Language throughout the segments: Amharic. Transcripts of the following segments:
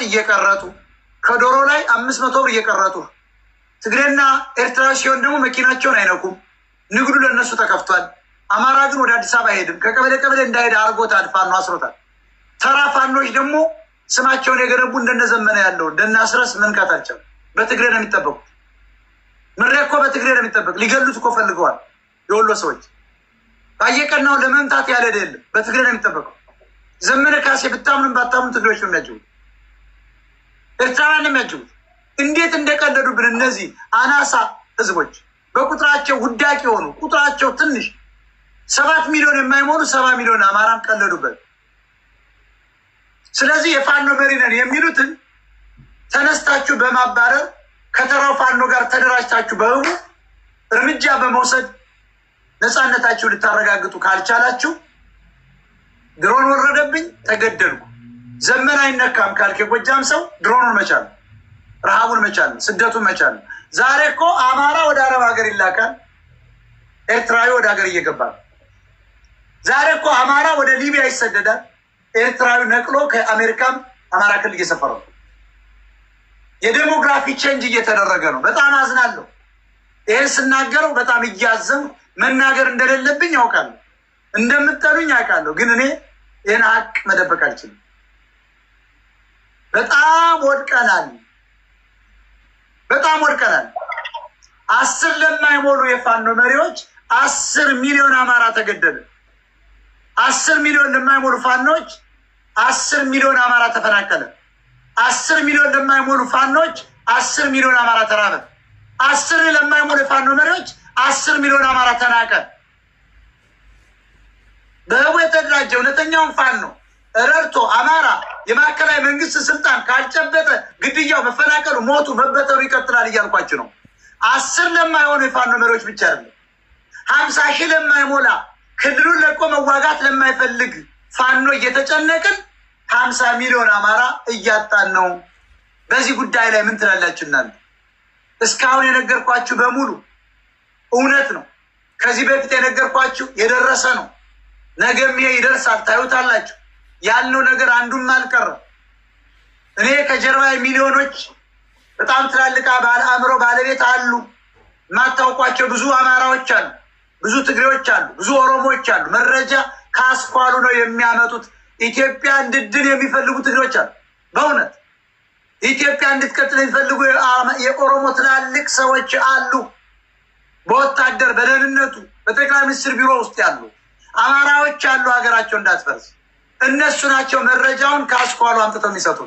ወጥ እየቀረጡ ከዶሮ ላይ አምስት መቶ ብር እየቀረጡ ትግሬና ኤርትራ ሲሆን ደግሞ መኪናቸውን አይነኩም። ንግዱ ለእነሱ ተከፍቷል። አማራ ግን ወደ አዲስ አበባ አይሄድም። ከቀበሌ ቀበሌ እንዳሄደ አድርጎታል። ፋኖ አስሮታል። ተራ ፋኖች ደግሞ ስማቸውን የገነቡ እንደነዘመነ ያለው እንደናስረስ አስረስ መንካታቸው በትግሬ ነው የሚጠበቁት። ምሬ እኮ በትግሬ ነው የሚጠበቅ። ሊገሉት እኮ ፈልገዋል። የወሎ ሰዎች ባየቀናው ለመምታት ያለ የለም። በትግሬ ነው የሚጠበቀው። ዘመነ ካሴ ብታምኑም ባታምኑ ትግሬዎች ነው የሚያጅቡት። ኤርትራውያን የሚያጅቡት እንዴት እንደቀለዱብን እነዚህ አናሳ ህዝቦች በቁጥራቸው ውዳቂ የሆኑ ቁጥራቸው ትንሽ ሰባት ሚሊዮን የማይሞሉ ሰባ ሚሊዮን አማራን ቀለዱበት። ስለዚህ የፋኖ መሪ ነን የሚሉትን ተነስታችሁ በማባረር ከተራው ፋኖ ጋር ተደራጅታችሁ በህቡ እርምጃ በመውሰድ ነፃነታችሁ ልታረጋግጡ ካልቻላችሁ ድሮን ወረደብኝ፣ ተገደልኩ ዘመን አይነካም ካልክ የጎጃም ሰው ድሮኑን መቻል፣ ረሃቡን መቻል፣ ስደቱን መቻል። ዛሬ እኮ አማራ ወደ አረብ ሀገር ይላካል፣ ኤርትራዊ ወደ ሀገር እየገባ ዛሬ እኮ አማራ ወደ ሊቢያ ይሰደዳል፣ ኤርትራዊ ነቅሎ ከአሜሪካም አማራ ክልል እየሰፈረ ነው። የዴሞግራፊ ቼንጅ እየተደረገ ነው። በጣም አዝናለሁ። ይህን ስናገረው በጣም እያዘም መናገር እንደሌለብኝ ያውቃለሁ። እንደምጠሉኝ ያውቃለሁ። ግን እኔ ይህን ሀቅ መደበቅ አልችልም። በጣም ወድቀናል፣ በጣም ወድቀናል። አስር ለማይሞሉ የፋኖ መሪዎች አስር ሚሊዮን አማራ ተገደለ። አስር ሚሊዮን ለማይሞሉ ፋኖች አስር ሚሊዮን አማራ ተፈናቀለ። አስር ሚሊዮን ለማይሞሉ ፋኖች አስር ሚሊዮን አማራ ተራበ። አስር ለማይሞሉ የፋኖ መሪዎች አስር ሚሊዮን አማራ ተናቀ። በህቡ የተደራጀ እውነተኛውን ፋኖ ረርቶ አማራ የማዕከላዊ መንግስት ስልጣን ካልጨበጠ ግድያው፣ መፈናቀሉ፣ ሞቱ፣ መበተሩ ይቀጥላል እያልኳችሁ ነው። አስር ለማይሆኑ የፋኖ መሪዎች ብቻ አይደለም ሀምሳ ሺህ ለማይሞላ ክልሉን ለቆ መዋጋት ለማይፈልግ ፋኖ እየተጨነቅን ሀምሳ ሚሊዮን አማራ እያጣን ነው። በዚህ ጉዳይ ላይ ምን ትላላችሁ እናንተ? እስካሁን የነገርኳችሁ በሙሉ እውነት ነው። ከዚህ በፊት የነገርኳችሁ የደረሰ ነው። ነገም ይሄ ይደርሳል፣ ታዩታላችሁ። ያለው ነገር አንዱም አልቀረም። እኔ ከጀርባ ሚሊዮኖች በጣም ትላልቅ አእምሮ ባለቤት አሉ። የማታውቋቸው ብዙ አማራዎች አሉ፣ ብዙ ትግሬዎች አሉ፣ ብዙ ኦሮሞዎች አሉ። መረጃ ከአስኳሉ ነው የሚያመጡት። ኢትዮጵያ እንድድን የሚፈልጉ ትግሬዎች አሉ። በእውነት ኢትዮጵያ እንድትቀጥል የሚፈልጉ የኦሮሞ ትላልቅ ሰዎች አሉ። በወታደር በደህንነቱ፣ በጠቅላይ ሚኒስትር ቢሮ ውስጥ ያሉ አማራዎች አሉ። ሀገራቸው እንዳትፈርስ እነሱ ናቸው መረጃውን ከአስኳሉ አምጥተው የሚሰጡ።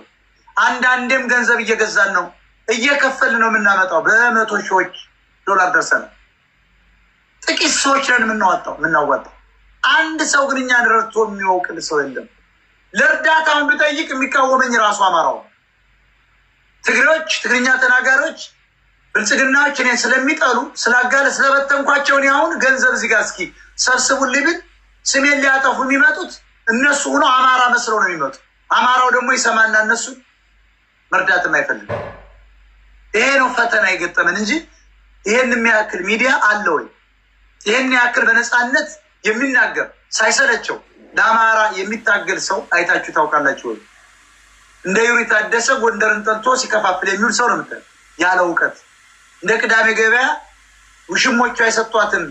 አንዳንዴም ገንዘብ እየገዛን ነው እየከፈልን ነው የምናመጣው። በመቶ ሺዎች ዶላር ደርሰን ጥቂት ሰዎች ነን የምናወጣው የምናዋጣው። አንድ ሰው ግን እኛን ረድቶ የሚወቅል ሰው የለም። ለእርዳታውን ብጠይቅ የሚቃወመኝ ራሱ አማራው ትግሬዎች፣ ትግርኛ ተናጋሪዎች፣ ብልጽግናዎች እኔን ስለሚጠሉ ስላጋለ ስለበተንኳቸውን ያሁን ገንዘብ እዚህ እስኪ ሰብስቡልኝ ብል ስሜን ሊያጠፉ የሚመጡት እነሱ ሆኖ አማራ መስለው ነው የሚመጡ። አማራው ደግሞ ይሰማና እነሱ መርዳትም አይፈልግም። ይሄ ነው ፈተና የገጠመን እንጂ ይሄን የሚያክል ሚዲያ አለ ወይ? ይህን ያክል በነፃነት የሚናገር ሳይሰለቸው ለአማራ የሚታገል ሰው አይታችሁ ታውቃላችሁ ወይ? እንደ ዩሪ ታደሰ ጎንደርን ጠልቶ ሲከፋፍል የሚውል ሰው ነው የምትለው ያለ እውቀት እንደ ቅዳሜ ገበያ ውሽሞቿ የሰጧትን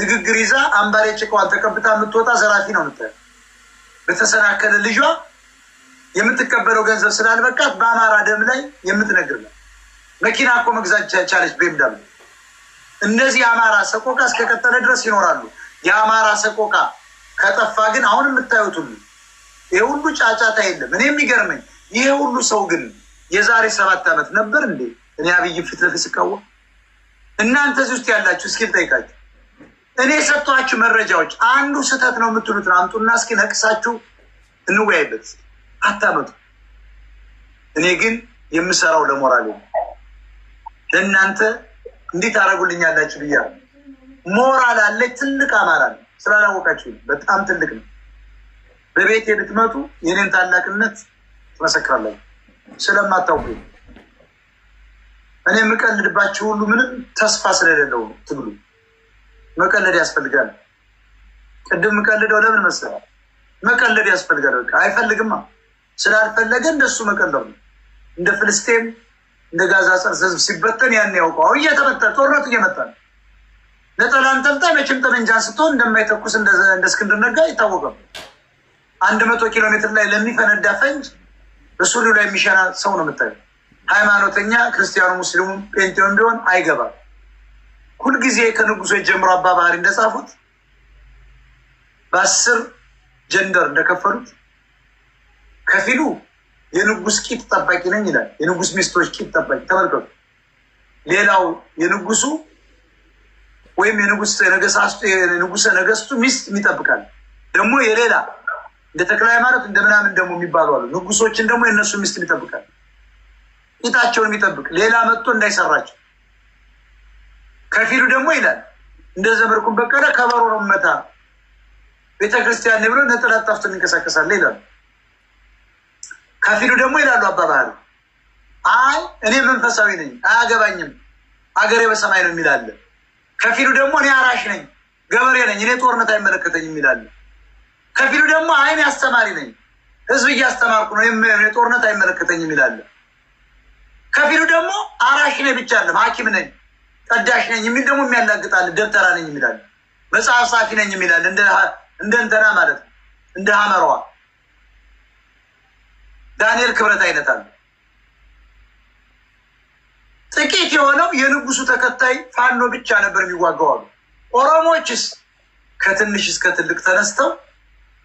ንግግር ይዛ አምባሬ ጭቀዋል ተቀብታ የምትወጣ ዘራፊ ነው የምትለው በተሰናከለ ልጇ የምትቀበለው ገንዘብ ስላልበቃት በአማራ ደም ላይ የምትነግር ነው። መኪና እኮ መግዛት ቻለች። ቤምዳም እነዚህ የአማራ ሰቆቃ እስከቀጠለ ድረስ ይኖራሉ። የአማራ ሰቆቃ ከጠፋ ግን አሁን የምታዩት ሁሉ ይህ ሁሉ ጫጫታ የለም። እኔ የሚገርመኝ ይሄ ሁሉ ሰው ግን የዛሬ ሰባት ዓመት ነበር እንዴ? እኔ አብይ ፊት ለፊት ስቃወም እናንተ እዚህ ውስጥ ያላችሁ እስኪ ልጠይቃችሁ እኔ የሰጥኋችሁ መረጃዎች አንዱ ስህተት ነው የምትሉት አምጡና እስኪ ነቅሳችሁ እንወያይበት። አታመጡ። እኔ ግን የምሰራው ለሞራል ለእናንተ እንዴት አደረጉልኛላችሁ ብያ ሞራል አለ። ትልቅ አማራ ነው። ስላላወቃችሁ በጣም ትልቅ ነው። በቤት ብትመጡ የኔን ታላቅነት ትመሰክራላችሁ። ስለማታውቁ እኔ የምቀልድባችሁ ሁሉ ምንም ተስፋ ስለሌለው ነው ትግሉ መቀለድ ያስፈልጋል። ቅድም ቀልደው ለምን መሰለህ? መቀለድ ያስፈልጋል። በቃ አይፈልግማ። ስላልፈለገ እንደሱ መቀለሉ እንደ ፍልስጤም እንደ ጋዛ ጸርስ ህዝብ ሲበተን ያን ያውቀው። አሁ እየተመጠ ጦርነቱ እየመጣ ነው። ነጠላ አንጠልጣይ መቼም ጠመንጃን ስትሆን እንደማይተኩስ እንደ እስክንድር ነጋ ይታወቃል። አንድ መቶ ኪሎ ሜትር ላይ ለሚፈነዳ ፈንጅ በሱሪው ላይ የሚሸና ሰው ነው የምታየው። ሃይማኖተኛ ክርስቲያኑ፣ ሙስሊሙ፣ ጴንጤውን ቢሆን አይገባም። ሁልጊዜ ከንጉሶች ጀምሮ አባ ባህሪ እንደጻፉት በአስር ጀንደር እንደከፈሉት ከፊሉ የንጉስ ቂጥ ጠባቂ ነኝ ይላል። የንጉስ ሚስቶች ቂጥ ጠባቂ ተመልከቱ። ሌላው የንጉሱ ወይም ነገስቱ የንጉሰ ነገስቱ ሚስት ይጠብቃል። ደግሞ የሌላ እንደ ተክለ ሃይማኖት እንደምናምን ደግሞ የሚባሉ አሉ። ንጉሶችን ደግሞ የእነሱ ሚስት ይጠብቃል። ቂጣቸውን የሚጠብቅ ሌላ መጥቶ እንዳይሰራቸው ከፊሉ ደግሞ ይላል እንደ ዘመርኩን በቀለ ከበሮ መታ ቤተክርስቲያን ብሎ ነጠላ ጣፍቶ እንንቀሳቀሳለ ይላሉ። ከፊሉ ደግሞ ይላሉ አባባል አይ እኔ መንፈሳዊ ነኝ አያገባኝም፣ አገሬ በሰማይ ነው የሚላለ። ከፊሉ ደግሞ እኔ አራሽ ነኝ፣ ገበሬ ነኝ፣ እኔ ጦርነት አይመለከተኝም የሚላለ። ከፊሉ ደግሞ አይ እኔ አስተማሪ ነኝ፣ ህዝብ እያስተማርኩ ነው፣ እኔ ጦርነት አይመለከተኝም የሚላለ። ከፊሉ ደግሞ አራሽ ነኝ ብቻ አለም ሐኪም ነኝ ቀዳሽ ነኝ የሚል ደግሞ የሚያላግጣል። ደብተራ ነኝ የሚላል፣ መጽሐፍ ጻፊ ነኝ የሚላል። እንደ እንትና ማለት ነው፣ እንደ ሀመሯ ዳንኤል ክብረት አይነት አለ። ጥቂት የሆነው የንጉሱ ተከታይ ፋኖ ብቻ ነበር የሚዋጋው አሉ። ኦሮሞችስ ከትንሽ እስከ ትልቅ ተነስተው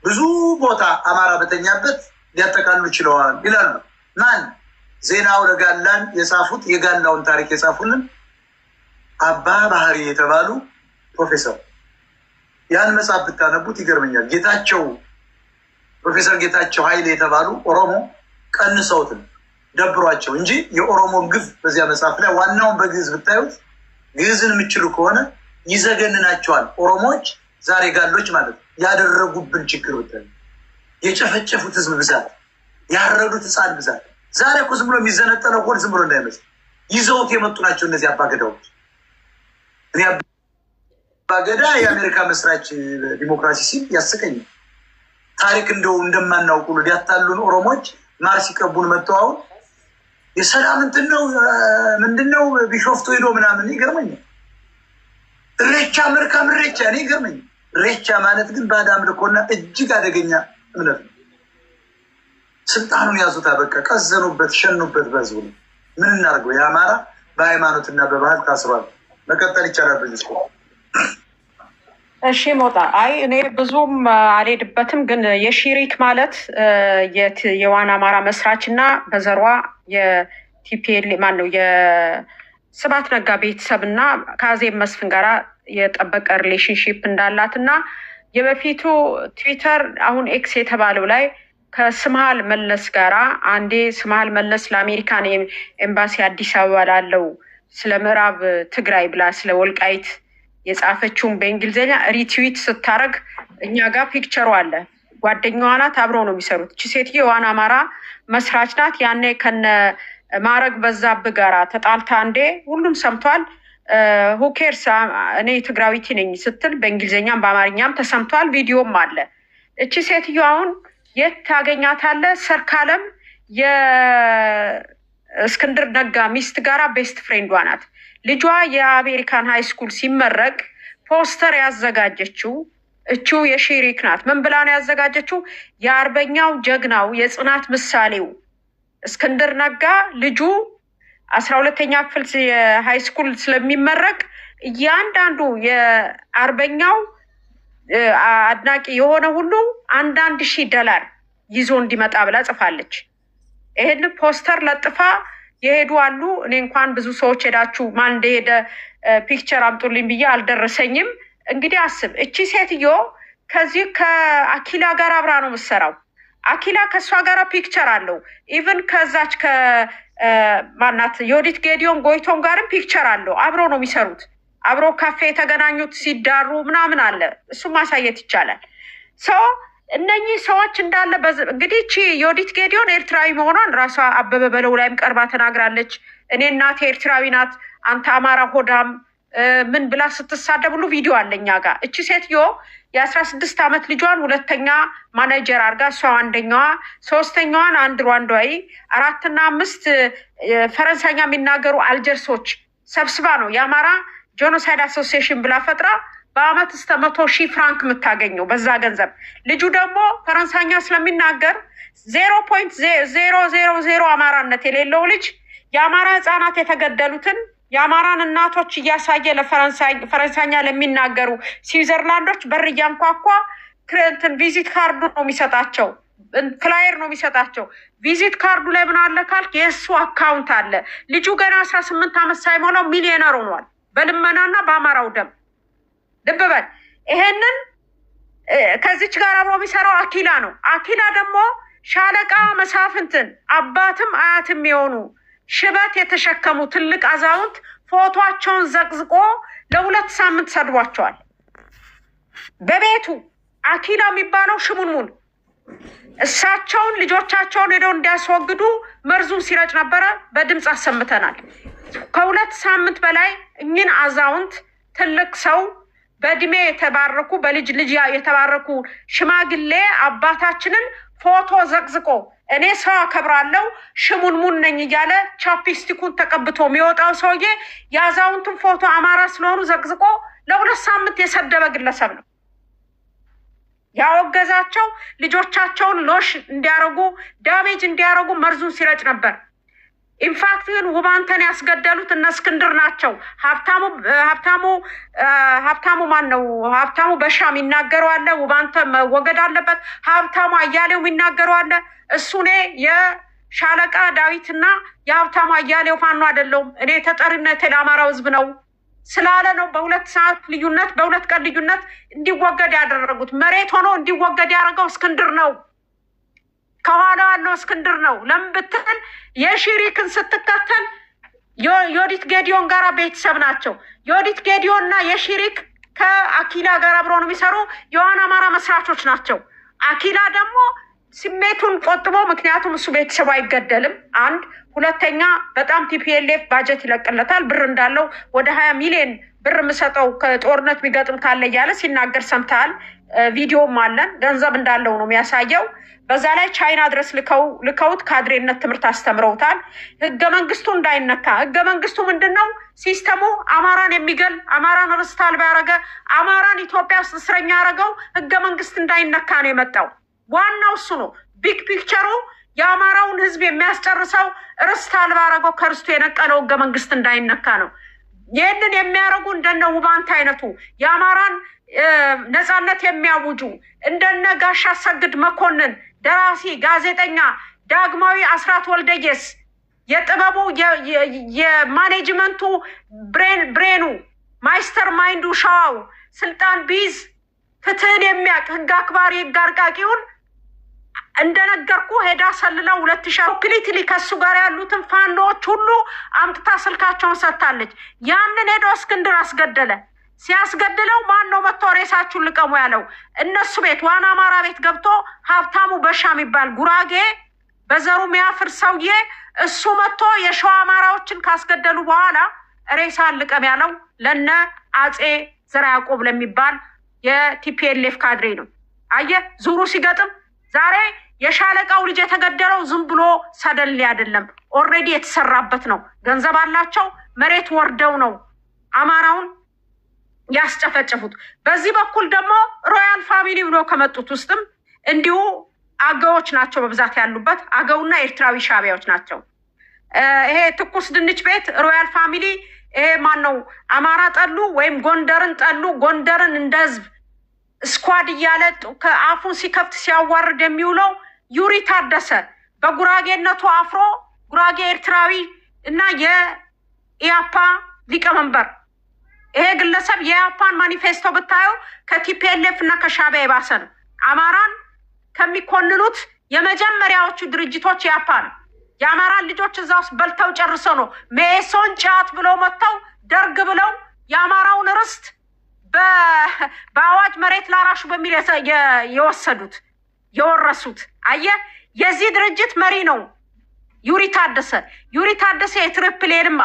ብዙ ቦታ አማራ በተኛበት ሊያጠቃሉ ችለዋል ይላሉ። ማን ዜናው ለጋላን የጻፉት የጋላውን ታሪክ የጻፉልን አባ ባህሪ የተባሉ ፕሮፌሰር ያን መጽሐፍ ብታነቡት ይገርመኛል። ጌታቸው ፕሮፌሰር ጌታቸው ኃይል የተባሉ ኦሮሞ ቀንሰውትን ደብሯቸው እንጂ የኦሮሞን ግፍ በዚያ መጽሐፍ ላይ ዋናውን በግዕዝ ብታዩት ግዕዝን የምችሉ ከሆነ ይዘገንናቸዋል። ኦሮሞዎች ዛሬ ጋሎች ማለት ያደረጉብን ችግር ብታዩ የጨፈጨፉት ህዝብ ብዛት፣ ያረዱት ህፃን ብዛት ዛሬ እኮ ዝም ብሎ የሚዘነጠለው ዝም ብሎ እንዳይመስል ይዘውት የመጡ ናቸው እነዚህ አባገዳዎች። እኔ አባገዳ የአሜሪካ መስራች ዲሞክራሲ ሲል ያስቀኝ ታሪክ እንደው እንደማናውቁ ሊያታሉን ኦሮሞች ማር ሲቀቡን መጥተው አሁን የሰላም እንትን ነው ምንድን ነው ቢሾፍቶ ሄዶ ምናምን ይገርመኝ። እሬቻ መልካም እሬቻ እኔ ይገርመኝ። እሬቻ ማለት ግን ባዕድ አምልኮና እጅግ አደገኛ እምነት ነው። ስልጣኑን ያዙታ በቃ ቀዘኑበት፣ ሸኑበት። በህዝቡ ምን እናርገው? የአማራ በሃይማኖትና በባህል ታስሯል። መቀጠል ይቻላል። ብዙ እሺ ሞጣ፣ አይ እኔ ብዙም አልሄድበትም፣ ግን የሺሪክ ማለት የዋና አማራ መስራች እና በዘሯ የቲፒኤል ማን ነው የስባት ነጋ ቤተሰብ እና ከአዜብ መስፍን ጋራ የጠበቀ ሪሌሽንሽፕ እንዳላት እና የበፊቱ ትዊተር አሁን ኤክስ የተባለው ላይ ከስምሃል መለስ ጋራ አንዴ ስምሃል መለስ ለአሜሪካን ኤምባሲ አዲስ አበባ ላለው ስለ ምዕራብ ትግራይ ብላ ስለ ወልቃይት የጻፈችውን በእንግሊዝኛ ሪትዊት ስታረግ እኛ ጋር ፒክቸሩ አለ። ጓደኛዋ ናት፣ አብረው ነው የሚሰሩት። እቺ ሴትዮ የዋን አማራ መስራች ናት። ያኔ ከነ ማረግ በዛብህ ጋራ ተጣልታ እንዴ ሁሉም ሰምቷል። ሁኬርስ እኔ ትግራዊቲ ነኝ ስትል በእንግሊዝኛም በአማርኛም ተሰምቷል። ቪዲዮም አለ። እቺ ሴትዮ አሁን የት ታገኛታለ? ሰርካለም እስክንድር ነጋ ሚስት ጋራ ቤስት ፍሬንዷ ናት። ልጇ የአሜሪካን ሃይ ስኩል ሲመረቅ ፖስተር ያዘጋጀችው እችው የሺሪክ ናት። ምን ብላ ነው ያዘጋጀችው? የአርበኛው ጀግናው የጽናት ምሳሌው እስክንድር ነጋ ልጁ አስራ ሁለተኛ ክፍል የሃይ ስኩል ስለሚመረቅ እያንዳንዱ የአርበኛው አድናቂ የሆነ ሁሉ አንዳንድ ሺህ ደላር ይዞ እንዲመጣ ብላ ጽፋለች። ይህን ፖስተር ለጥፋ የሄዱ አሉ። እኔ እንኳን ብዙ ሰዎች ሄዳችሁ ማን እንደሄደ ፒክቸር አምጡልኝ ብዬ አልደረሰኝም። እንግዲህ አስብ፣ እቺ ሴትዮ ከዚህ ከአኪላ ጋር አብራ ነው የምትሰራው። አኪላ ከእሷ ጋር ፒክቸር አለው። ኢቨን ከዛች ከማናት የወዲት ጌዲዮን ጎይቶም ጋርም ፒክቸር አለው። አብሮ ነው የሚሰሩት። አብሮ ካፌ የተገናኙት ሲዳሩ ምናምን አለ። እሱም ማሳየት ይቻላል ሰው እነኚህ ሰዎች እንዳለ እንግዲህ ቺ የወዲት ጌዲዮን ኤርትራዊ መሆኗን ራሷ አበበ በለው ላይም ቀርባ ተናግራለች። እኔ እናቴ ኤርትራዊ ናት፣ አንተ አማራ ሆዳም ምን ብላ ስትሳደብ ሁሉ ቪዲዮ አለኛ ጋር እቺ ሴትዮ የአስራ ስድስት ዓመት ልጇን ሁለተኛ ማናጀር አርጋ እሷ አንደኛዋ፣ ሶስተኛዋን አንድ ሯንዷይ፣ አራትና አምስት ፈረንሳይኛ የሚናገሩ አልጀርሶች ሰብስባ ነው የአማራ ጆኖሳይድ አሶሲሽን ብላ ፈጥራ በአመት እስከ መቶ ሺህ ፍራንክ የምታገኘው በዛ ገንዘብ። ልጁ ደግሞ ፈረንሳኛ ስለሚናገር ዜሮ ፖይንት ዜሮ ዜሮ ዜሮ አማራነት የሌለው ልጅ የአማራ ህጻናት የተገደሉትን የአማራን እናቶች እያሳየ ለፈረንሳይኛ ለሚናገሩ ስዊዘርላንዶች በር እያንኳኳ እንትን ቪዚት ካርዱ ነው የሚሰጣቸው፣ ፍላየር ነው የሚሰጣቸው። ቪዚት ካርዱ ላይ ምን አለ ካልክ የእሱ አካውንት አለ። ልጁ ገና አስራ ስምንት አመት ሳይሞላው ሚሊዮነር ሆኗል በልመናና በአማራው ደም ልብ በል። ይሄንን ከዚች ጋር አብሮ የሚሰራው አኪላ ነው። አኪላ ደግሞ ሻለቃ መሳፍንትን አባትም አያትም የሆኑ ሽበት የተሸከሙ ትልቅ አዛውንት ፎቶቸውን ዘቅዝቆ ለሁለት ሳምንት ሰድቧቸዋል። በቤቱ አኪላ የሚባለው ሽሙንሙን እሳቸውን ልጆቻቸውን ሄደው እንዲያስወግዱ መርዙን ሲረጭ ነበረ። በድምፅ አሰምተናል። ከሁለት ሳምንት በላይ እኝን አዛውንት ትልቅ ሰው በእድሜ የተባረኩ በልጅ ልጅ የተባረኩ ሽማግሌ አባታችንን ፎቶ ዘቅዝቆ እኔ ሰው አከብራለሁ ሙን ነኝ እያለ ቻፕስቲኩን ተቀብቶ የሚወጣው ሰውዬ የአዛውንቱን ፎቶ አማራ ስለሆኑ ዘቅዝቆ ለሁለት ሳምንት የሰደበ ግለሰብ ነው። ያወገዛቸው ልጆቻቸውን ሎሽ እንዲያረጉ ዳሜጅ እንዲያረጉ መርዙን ሲረጭ ነበር። ኢንፋክት ግን ውባንተን ያስገደሉት እነ እስክንድር ናቸው። ሀብታሙ ሀብታሙ ሀብታሙ ማን ነው? ሀብታሙ በሻም አለ ውባንተ መወገድ አለበት። ሀብታሙ አያሌው አለ እሱ እኔ የሻለቃ ዳዊትና የሀብታሙ አያሌው ፋኖ አይደለውም። እኔ ተጠሪነት ለአማራው ህዝብ ነው ስላለ ነው። በሁለት ሰዓት ልዩነት፣ በሁለት ቀን ልዩነት እንዲወገድ ያደረጉት መሬት ሆኖ እንዲወገድ ያደረገው እስክንድር ነው። ከኋላ ያለው እስክንድር ነው። ለምን ብትል ስትከተል የዮዲት ጌዲዮን ጋር ቤተሰብ ናቸው። የዮዲት ጌዲዮን እና የሺሪክ ከአኪላ ጋር አብረው ነው የሚሰሩ የዋን አማራ መስራቾች ናቸው። አኪላ ደግሞ ስሜቱን ቆጥቦ፣ ምክንያቱም እሱ ቤተሰቡ አይገደልም። አንድ ሁለተኛ በጣም ቲፒኤልኤፍ ባጀት ይለቅለታል። ብር እንዳለው ወደ ሀያ ሚሊዮን ብር የምሰጠው ከጦርነት የሚገጥም ካለ እያለ ሲናገር ሰምተሃል። ቪዲዮም አለን። ገንዘብ እንዳለው ነው የሚያሳየው። በዛ ላይ ቻይና ድረስ ልከውት ካድሬነት ትምህርት አስተምረውታል። ህገ መንግስቱ እንዳይነካ ህገ መንግስቱ ምንድን ነው? ሲስተሙ አማራን የሚገል አማራን ርስት አልባ ያደረገ አማራን ኢትዮጵያ ውስጥ እስረኛ ያደረገው ህገ መንግስት እንዳይነካ ነው የመጣው። ዋናው እሱ ነው ቢግ ፒክቸሩ የአማራውን ህዝብ የሚያስጨርሰው ርስት አልባ አደረገው ከርስቱ የነቀለው ህገ መንግስት እንዳይነካ ነው። ይህንን የሚያደርጉ እንደነ ውባንት አይነቱ የአማራን ነፃነት የሚያውጁ እንደነ ጋሻ ሰግድ መኮንን ደራሲ፣ ጋዜጠኛ ዳግማዊ አስራት ወልደየስ የጥበቡ የማኔጅመንቱ ብሬኑ ማይስተር ማይንዱ ሸዋው ስልጣን ቢዝ ፍትህን የሚያውቅ ህግ አክባሪ ህግ አርቃቂውን እንደነገርኩ ሄዳ ሰልለው ሁለት ሺ ክሊትሊ ከሱ ጋር ያሉትን ፋኖዎች ሁሉ አምጥታ ስልካቸውን ሰጥታለች። ያንን ሄዶ እስክንድር አስገደለ። ሲያስገድለው ማን ነው መጥቶ ሬሳችሁን ልቀሙ ያለው? እነሱ ቤት ዋና አማራ ቤት ገብቶ ሀብታሙ በሻ የሚባል ጉራጌ በዘሩ ሚያፍር ሰውዬ እሱ መጥቶ የሸዋ አማራዎችን ካስገደሉ በኋላ ሬሳን ልቀም ያለው ለነ አጼ ዘራ ያዕቆብ ለሚባል የቲፒኤልኤፍ ካድሬ ነው። አየ ዙሩ ሲገጥም ዛሬ የሻለቃው ልጅ የተገደለው ዝም ብሎ ሰደሌ አይደለም፣ ኦልሬዲ የተሰራበት ነው። ገንዘብ አላቸው። መሬት ወርደው ነው አማራውን ያስጨፈጨፉት። በዚህ በኩል ደግሞ ሮያል ፋሚሊ ብሎ ከመጡት ውስጥም እንዲሁ አገዎች ናቸው በብዛት ያሉበት፣ አገውና ኤርትራዊ ሻቢያዎች ናቸው። ይሄ ትኩስ ድንች ቤት ሮያል ፋሚሊ ይሄ ማን ነው? አማራ ጠሉ ወይም ጎንደርን ጠሉ። ጎንደርን እንደ ህዝብ ስኳድ እያለ ከአፉን ሲከፍት ሲያዋርድ የሚውለው ዩሪ ታደሰ በጉራጌነቱ አፍሮ ጉራጌ ኤርትራዊ እና የኢያፓ ሊቀመንበር ይሄ ግለሰብ የኢያፓን ማኒፌስቶ ብታየው ከቲፒኤልኤፍ እና ከሻዕቢያ የባሰ ነው። አማራን ከሚኮንኑት የመጀመሪያዎቹ ድርጅቶች ኢያፓ ነው። የአማራን ልጆች እዛ ውስጥ በልተው ጨርሰው ነው ሜሶን ጫት ብለው መጥተው ደርግ ብለው የአማራውን ርስት በአዋጅ መሬት ላራሹ በሚል የወሰዱት የወረሱት አየ የዚህ ድርጅት መሪ ነው ዩሪ ታደሰ። ዩሪ ታደሰ የትሪፕሌም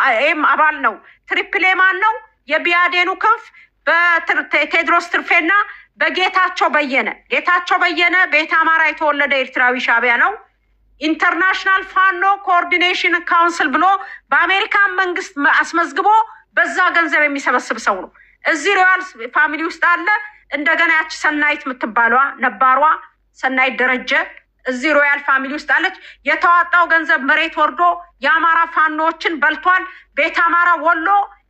አባል ነው። ትሪፕሌ ማን ነው? የቢያዴኑ ክንፍ በቴድሮስ ትርፌና በጌታቸው በየነ። ጌታቸው በየነ ቤተ አማራ የተወለደ ኤርትራዊ ሻቢያ ነው። ኢንተርናሽናል ፋኖ ኮኦርዲኔሽን ካውንስል ብሎ በአሜሪካን መንግስት አስመዝግቦ በዛ ገንዘብ የሚሰበስብ ሰው ነው። እዚህ ሪዋል ፋሚሊ ውስጥ አለ። እንደገና ያች ሰናይት የምትባለዋ ነባሯ ሰናይት ደረጀ እዚህ ሮያል ፋሚሊ ውስጥ አለች። የተዋጣው ገንዘብ መሬት ወርዶ የአማራ ፋኖዎችን በልቷል። ቤት አማራ ወሎ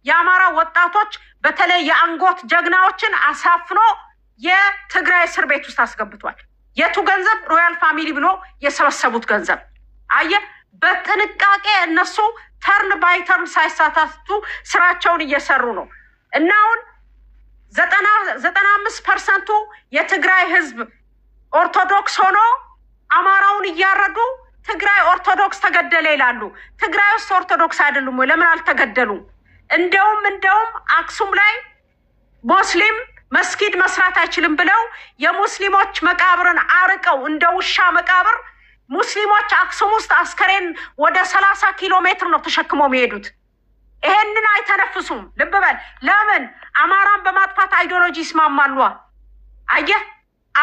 የአማራ ወጣቶች በተለይ የአንጎት ጀግናዎችን አሳፍኖ የትግራይ እስር ቤት ውስጥ አስገብቷል። የቱ ገንዘብ ሮያል ፋሚሊ ብሎ የሰበሰቡት ገንዘብ አየ። በጥንቃቄ እነሱ ተርን ባይ ተርን ሳይሳታቱ ስራቸውን እየሰሩ ነው። እና አሁን ዘጠና አምስት ፐርሰንቱ የትግራይ ህዝብ ኦርቶዶክስ ሆኖ አማራውን እያረዱ ትግራይ ኦርቶዶክስ ተገደለ ይላሉ። ትግራይ ውስጥ ኦርቶዶክስ አይደሉም ወይ? ለምን አልተገደሉም? እንደውም እንደውም አክሱም ላይ ሙስሊም መስጊድ መስራት አይችልም ብለው የሙስሊሞች መቃብርን አርቀው እንደ ውሻ መቃብር ሙስሊሞች አክሱም ውስጥ አስከሬን ወደ ሰላሳ ኪሎ ሜትር ነው ተሸክሞ የሚሄዱት። ይሄን አይተነፍሱም። ልብ በል። ለምን አማራን በማጥፋት አይዲዮሎጂ ይስማማሉ። አየህ፣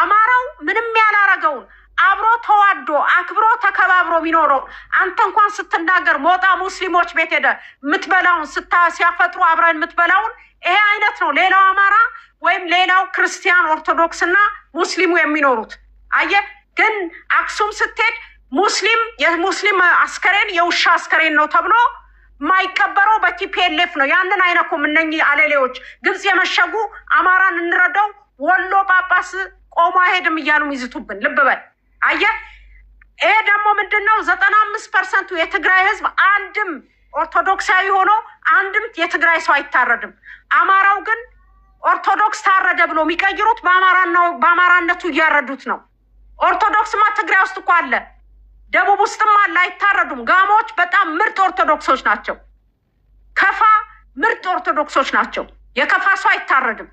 አማራው ምንም ያላረገውን አብሮ ተዋዶ አክብሮ ተከባብሮ የሚኖረው አንተ እንኳን ስትናገር ሞጣ ሙስሊሞች ቤት ሄደ የምትበላውን ስታ ሲያፈጥሩ አብረን የምትበላውን ይሄ አይነት ነው። ሌላው አማራ ወይም ሌላው ክርስቲያን ኦርቶዶክስ እና ሙስሊሙ የሚኖሩት አየህ። ግን አክሱም ስትሄድ ሙስሊም የሙስሊም አስከሬን የውሻ አስከሬን ነው ተብሎ ማይከበረው በቲፒኤልኤፍ ነው። ያንን አይነኩም እነኚህ አለሌዎች። ግብፅ የመሸጉ አማራን እንረዳው ወሎ ጳጳስ ቆሞ አይሄድም እያሉ ይዝቱብን። ልብ በል አየህ። ይሄ ደግሞ ምንድን ነው? ዘጠና አምስት ፐርሰንቱ የትግራይ ህዝብ አንድም ኦርቶዶክሳዊ ሆኖ አንድም የትግራይ ሰው አይታረድም። አማራው ግን ኦርቶዶክስ ታረደ ብሎ የሚቀይሩት በአማራነቱ እያረዱት ነው። ኦርቶዶክስማ ትግራይ ውስጥ እኮ አለ። ደቡብ ውስጥም አለ፣ አይታረዱም። ጋሞች በጣም ምርጥ ኦርቶዶክሶች ናቸው። ከፋ ምርጥ ኦርቶዶክሶች ናቸው። የከፋ ሰው አይታረድም።